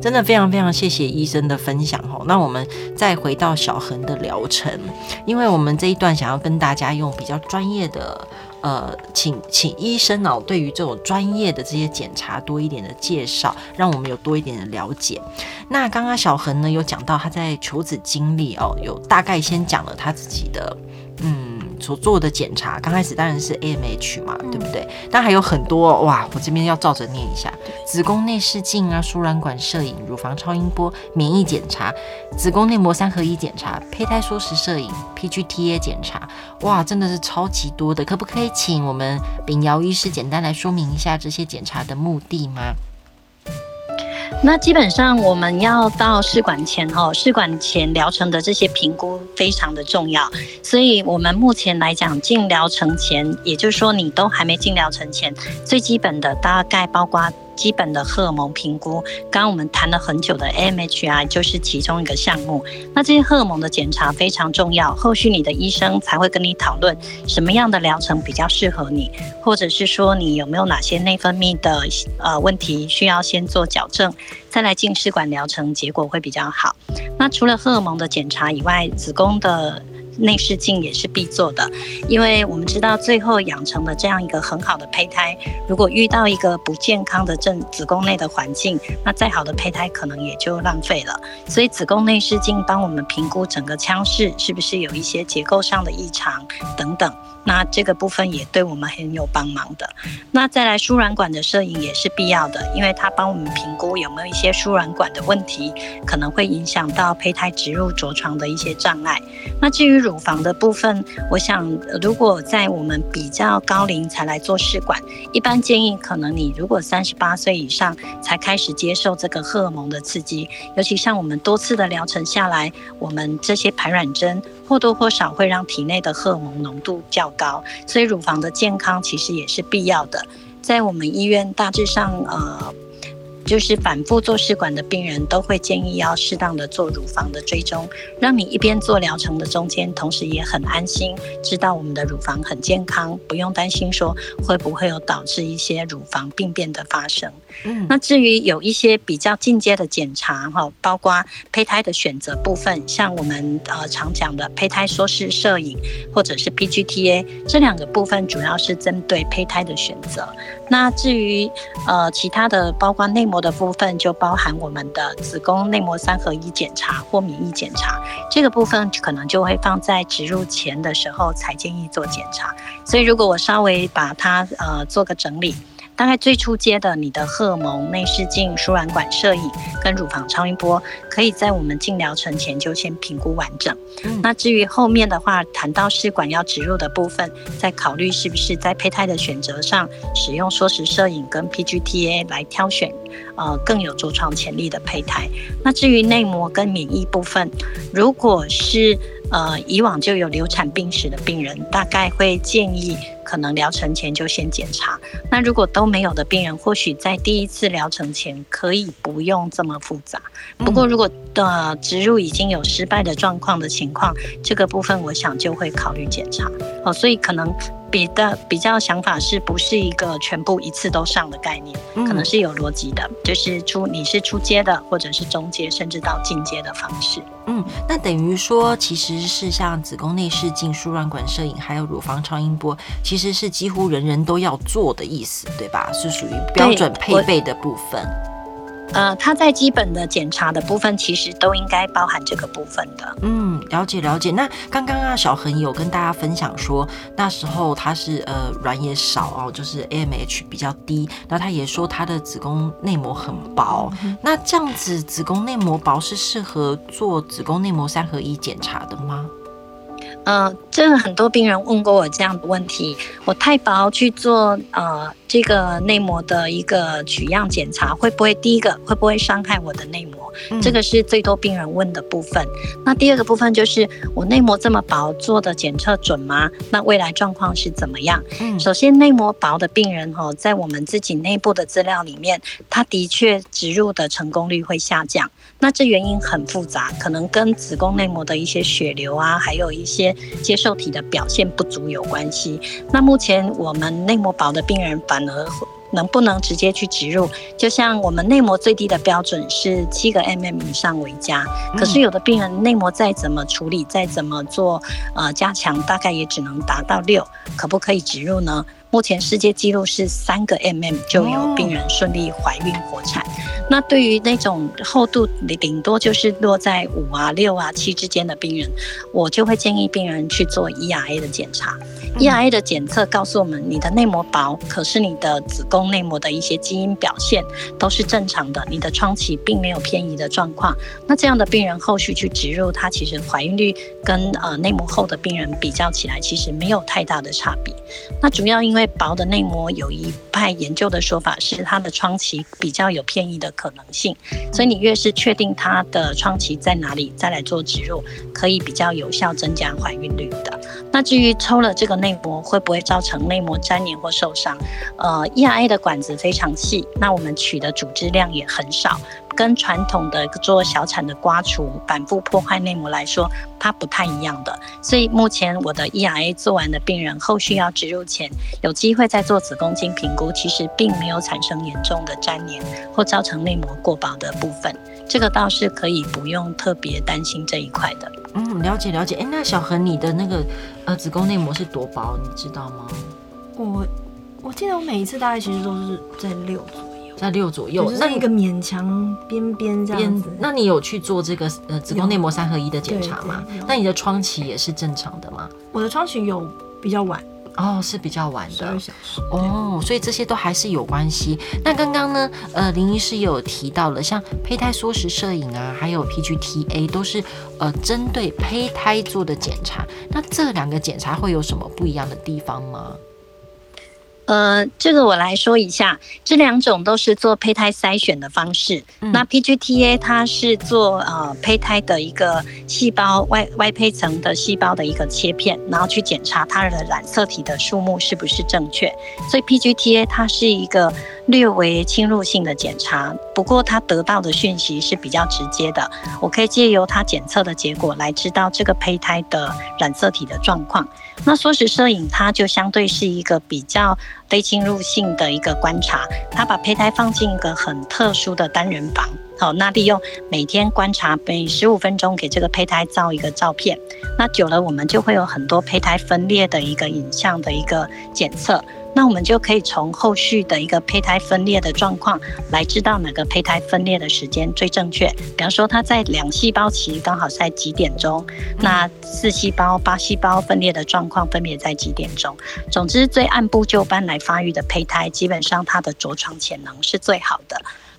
真的非常非常謝謝醫生的分享吼，那我們再回到小恆的療程，因為我們這一段想要跟大家用比較專業的，呃，請請醫生哦，對於這種專業的這些檢查多一點的介紹，讓我們有多一點的了解。那剛剛小恆呢有講到他在求子經歷哦，有大概先講了他自己的。所做的檢查，剛開始當然是 AMH 嘛，對不對？但還有很多哇，我這邊要照着念一下：對子宮內視鏡啊、輸卵管攝影、乳房超音波、免疫檢查、子宮內膜三合一檢查、胚胎縮時攝影、PGT-A 檢查。哇，真的是超級多的。可不可以請我們秉瑤醫師簡單來說明一下這些檢查的目的嗎？那基本上我們要到試管前哦，試管前療程的這些評估非常的重要，所以我們目前來講，進療程前，也就是說你都還沒進療程前，最基本的大概包括。基本的荷爾蒙評估，剛剛我們談了很久的 AMH 就是其中一個項目。那這些荷爾蒙的檢查非常重要，後續你的醫生才會跟你討論什麼樣的療程比較適合你，或者是說你有沒有哪些內分泌的呃問題需要先做矯正，再來進試管療程，結果會比較好。那除了荷爾蒙的檢查以外，子宮的。內視鏡也是必做的，因為我們知道最後養成了這樣一個很好的胚胎，如果遇到一個不健康的症子宮內的環境，那再好的胚胎可能也就浪費了。所以子宮內視鏡幫我們評估整個腔室是不是有一些結構上的異常等等，那這個部分也對我們很有幫忙的。那再來輸卵管的攝影也是必要的，因為它幫我們評估有沒有一些輸卵管的問題，可能會影響到胚胎植入着床的一些障礙。那至於，乳房的部分，我想，如果在我們比較高齡才來做試管，一般建議可能你如果三十八歲以上才開始接受這個荷爾蒙的刺激，尤其像我們多次的療程下來，我們這些排卵針或多或少會讓體內的荷爾蒙濃度較高，所以乳房的健康其實也是必要的。在我們醫院大致上，呃。就是反覆做試管的病人都會建議要適當的做乳房的追蹤，讓你一邊做療程的中間，同時也很安心，知道我們的乳房很健康，不用擔心說會不會有導致一些乳房病變的發生。嗯，嗯，那至於有一些比較進階的檢查哈，包括胚胎的選擇部分，像我們呃常講的胚胎縮時攝影或者是 PGT-A 這兩個部分，主要是針對胚胎的選擇。那至於呃其他的，包括內膜。的部分就包含我們的子宮內膜三合一檢查或免疫檢查，這個部分可能就會放在植入前的時候才建議做檢查。所以，如果我稍微把它呃做個整理。大概最初接的你的荷爾蒙、內視鏡、輸卵管攝影跟乳房超音波，可以在我們進療程前就先評估完整。嗯、那至於後面的話，談到試管要植入的部分，再考慮是不是在胚胎的選擇上使用縮時攝影跟 PGTA 來挑選，呃，更有着床潛力的胚胎。那至於內膜跟免疫部分，如果是。呃，以往就有流產病史的病人，大概會建議可能療程前就先檢查。那如果都沒有的病人，或許在第一次療程前可以不用這麼複雜。不過如果的、呃、植入已經有失敗的狀況的情況，這個部分我想就會考慮檢查。哦、呃，所以可能比的比較想法是不是一個全部一次都上的概念，可能是有邏輯的，就是出你是初階的，或者是中階，甚至到進階的方式。嗯，那等於說，其實是像子宮內視鏡、輸卵管攝影，還有乳房超音波，其實是幾乎人人都要做的意思，對吧？是屬於標準配備的部分。呃，它在基本的檢查的部分，其實都應該包含這個部分的。嗯，了解了解。那剛剛啊，小恆有跟大家分享說，那時候他是呃卵也少哦，就是 AMH 比較低。那他也說他的子宮內膜很薄。嗯哼。那這樣子子宮內膜薄是適合做子宮內膜三合一檢查的嗎？呃，這個很多病人問過我這樣的問題，我太薄去做呃這個內膜的一個取樣檢查，會不會第一個會不會傷害我的內膜？這個是最多病人問的部分。那第二個部分就是，我內膜這麼薄，做的檢測準嗎？那未來狀況是怎麼樣？嗯，首先內膜薄的病人哦，在我們自己內部的資料裡面，他的確植入的成功率會下降。那這原因很複雜，可能跟子宮內膜的一些血流啊，還有一些接受體的表現不足有關係。那目前我們內膜薄的病人反而能不能直接去植入就像我們，內膜最低的標準是七個 mm 以上為佳，可是有的病人內膜再怎麼處理，再怎麼做，呃，加強大概也只能達到六，可不可以植入呢？目前世界紀錄是三個 mm 就有病人順利懷孕活產。那對於那種厚度你頂多就是落在五啊、六啊、七之間的病人，我就會建議病人去做 ERA 的檢查。Mm-hmm. ERA 的檢測告訴我們，你的內膜薄，可是你的子宮內膜的一些基因表現都是正常的，你的窗期並沒有偏移的狀況。那這樣的病人後續去植入，它其實懷孕率跟呃內膜厚的病人比較起來，其實沒有太大的差別。那主要因為因為薄的內膜，有一派研究的說法是它的窗期比較有偏移的可能性，所以你越是確定它的窗期在哪裡，再來做植入，可以比較有效增加懷孕率的。那至於抽了這個內膜會不會造成內膜粘連或受傷？呃，E R A 的管子非常細，那我們取的組織量也很少。跟傳統的做小產的刮除反覆破壞內膜來說，它不太一樣的。所以目前我的 ERA 做完的病人後續要植入前，有機會再做子宮鏡評估，其實並沒有產生嚴重的粘連或造成內膜過薄的部分，這個倒是可以不用特別擔心這一塊的。嗯，了解了解。哎、欸，那小何，你的那個呃子宮內膜是多薄，你知道嗎？我我記得我每一次大概其實都是在六。在六左右，那一個勉強邊邊這樣子那。那你有去做這個呃子宮內膜三合一的檢查嗎？那你的窗期也是正常的嗎？我的窗期有比較晚，哦，是比較晚的，哦，所以這些都還是有關係。那剛剛呢，呃，林醫師也有提到了，像胚胎縮時攝影啊，還有 PGT-A 都是呃針對胚胎做的檢查。那這兩個檢查會有什麼不一樣的地方嗎？呃，這個我來說一下，這兩種都是做胚胎篩選的方式。嗯。那 PGT A 它是做呃胚胎的一個細胞外外胚層的細胞的一個切片，然後去檢查它的染色體的數目是不是正確。所以 PGT A 它是一個略微侵入性的檢查，不過它得到的訊息是比較直接的。我可以借由它檢測的結果來知道這個胚胎的染色體的狀況。那縮時攝影它就相對是一個比較，非侵入性的一個觀察，他把胚胎放進一個很特殊的單人房，好，那利用每天觀察每十五分鐘給這個胚胎照一個照片，那久了我們就會有很多胚胎分裂的一個影像的一個檢測。那我們就可以從後續的一個胚胎分裂的狀況來知道哪個胚胎分裂的時間最正確。比方說，它在兩細胞期剛好在幾點鐘，那四細胞、八細胞分裂的狀況分別在幾點鐘。總之，最按部就班來發育的胚胎，基本上它的着床潛能是最好的。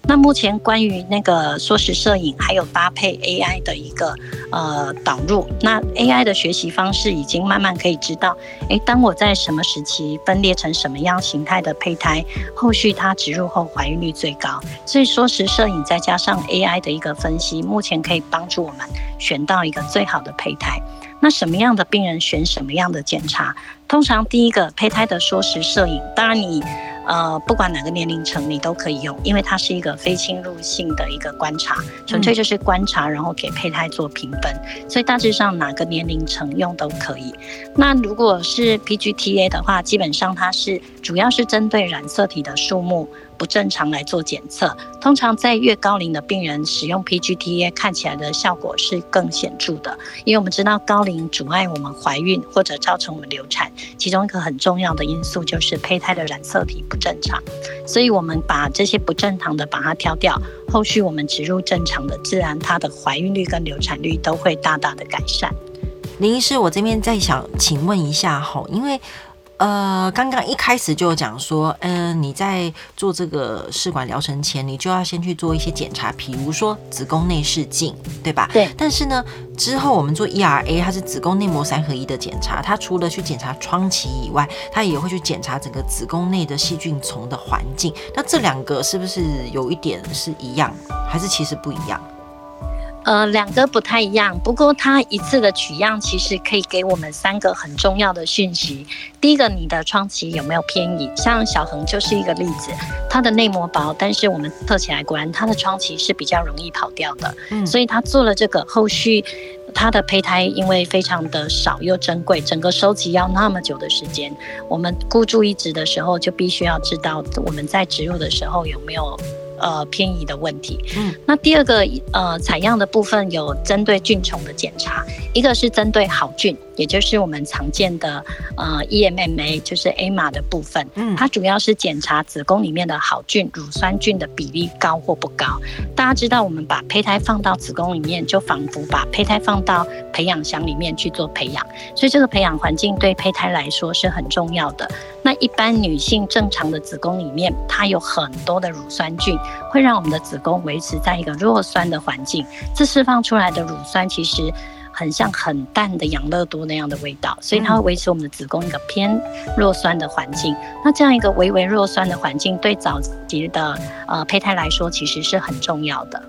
那目前關於那個縮時攝影還有搭配 AI 的一個呃導入，那 AI 的學習方式已經慢慢可以知道，哎、欸，當我在什麼時期分裂成什麼樣形態的胚胎，後續它植入後懷孕率最高。所以縮時攝影再加上 AI 的一個分析，目前可以幫助我們選到一個最好的胚胎。那什麼樣的病人選什麼樣的檢查？通常第一個胚胎的縮時攝影，當然你。呃，不管哪個年齡層，你都可以用，因為它是一個非侵入性的一個觀察，嗯、純粹就是觀察，然後給胚胎做評分，所以大致上哪個年齡層用都可以。那如果是 PGT-A 的話，基本上它是主要是針對染色體的數目。不正常來做檢測，通常在越高齡的病人使用 PGT-A，看起來的效果是更顯著的，因為我們知道高齡阻礙我們懷孕或者造成我們流產，其中一個很重要的因素就是胚胎的染色體不正常，所以我們把這些不正常的把它挑掉，後續我們植入正常的，自然它的懷孕率跟流產率都會大大的改善。林醫師，我這邊再想請問一下吼，因為。呃，剛剛一開始就講說，嗯、呃，你在做這個試管療程前，你就要先去做一些檢查，比如說子宮內視鏡，對吧？對。但是呢，之後我們做 ERA，它是子宮內膜三合一的檢查，它除了去檢查窗期以外，它也會去檢查整個子宮內的細菌叢的環境。那這兩個是不是有一點是一樣，還是其實不一樣？呃，兩個不太一樣，不過它一次的取樣其實可以給我們三個很重要的訊息。第一個，你的窗期有沒有偏移，像小恆就是一個例子，他的內膜薄，但是我們測起來果然他的窗期是比較容易跑掉的。嗯，所以他做了這個後續，他的胚胎因為非常的少又珍貴，整個收集要那麼久的時間，我們孤注一擲的時候就必須要知道我們在植入的時候有沒有。呃，偏移的問題。嗯，那第二個呃採樣的部分有針對菌叢的檢查，一個是針對好菌，也就是我們常見的呃 EMMA，就是 A 碼的部分。嗯，它主要是檢查子宮裡面的好菌乳酸菌的比例高或不高。大家知道，我們把胚胎放到子宮裡面，就仿佛把胚胎放到培養箱裡面去做培養，所以這個培養環境對胚胎來說是很重要的。一般女性正常的子宮裡面，它有很多的乳酸菌，會讓我們的子宮維持在一個弱酸的環境。這釋放出來的乳酸其實，很像很淡的養樂多那樣的味道，所以它會維持我們的子宮一個偏弱酸的環境。那這樣一個微微弱酸的環境，對早期的呃胚胎來說，其實是很重要的。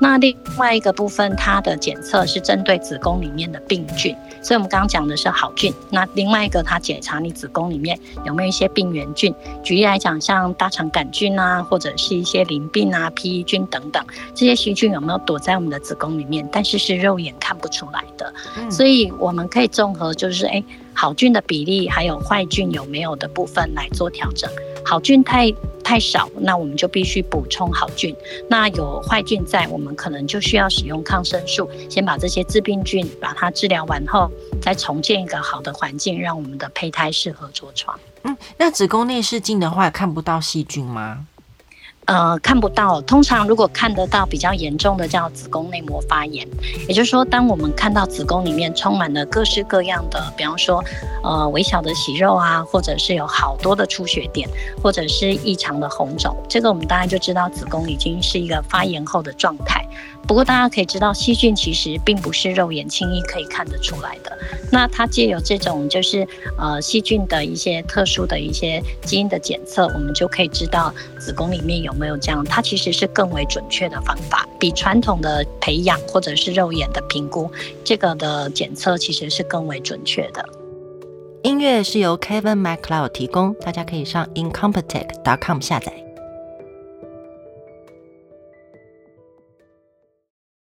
那另外一個部分，它的檢測是針對子宮裡面的病菌，所以我們剛剛講的是好菌。那另外一個，它檢查你子宮裡面有沒有一些病原菌，舉例來講，像大腸桿菌啊，或者是一些淋病啊、披衣菌等等，這些細菌有沒有躲在我們的子宮裡面，但是是肉眼看不出來。嗯、所以我們可以綜合，就是誒、欸，好菌的比例，還有壞菌有沒有的部分來做調整。好菌太太少，那我們就必須補充好菌。那有壞菌在，我們可能就需要使用抗生素，先把這些致病菌把它治療完後，再重建一個好的環境，讓我們的胚胎適合着床。嗯，那子宮內視鏡的話，看不到細菌嗎？呃，看不到。通常如果看得到比較嚴重的叫子宮內膜發炎，也就是說，當我們看到子宮裡面充滿了各式各樣的，比方說，呃，微小的息肉啊，或者是有好多的出血點，或者是異常的紅腫，這個我們大家就知道子宮已經是一個發炎後的狀態。不過，大家可以知道，細菌其實並不是肉眼輕易可以看得出來的。那它藉由這種就是呃細菌的一些特殊的一些基因的檢測，我們就可以知道子宮裡面有沒有這樣。它其實是更為準確的方法，比傳統的培養或者是肉眼的評估，這個的檢測其實是更為準確的。音樂是由 Kevin MacLeod 提供，大家可以上 incompetech.com 下載。